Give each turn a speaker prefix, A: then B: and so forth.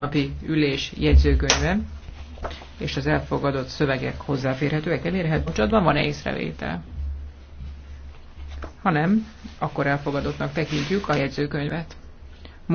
A: napi ülés jegyzőkönyve és az elfogadott szövegek hozzáférhetőek, elérhet bocsadban, van-e észrevétel? Ha nem, akkor
B: elfogadottnak tekintjük a jegyzőkönyvet.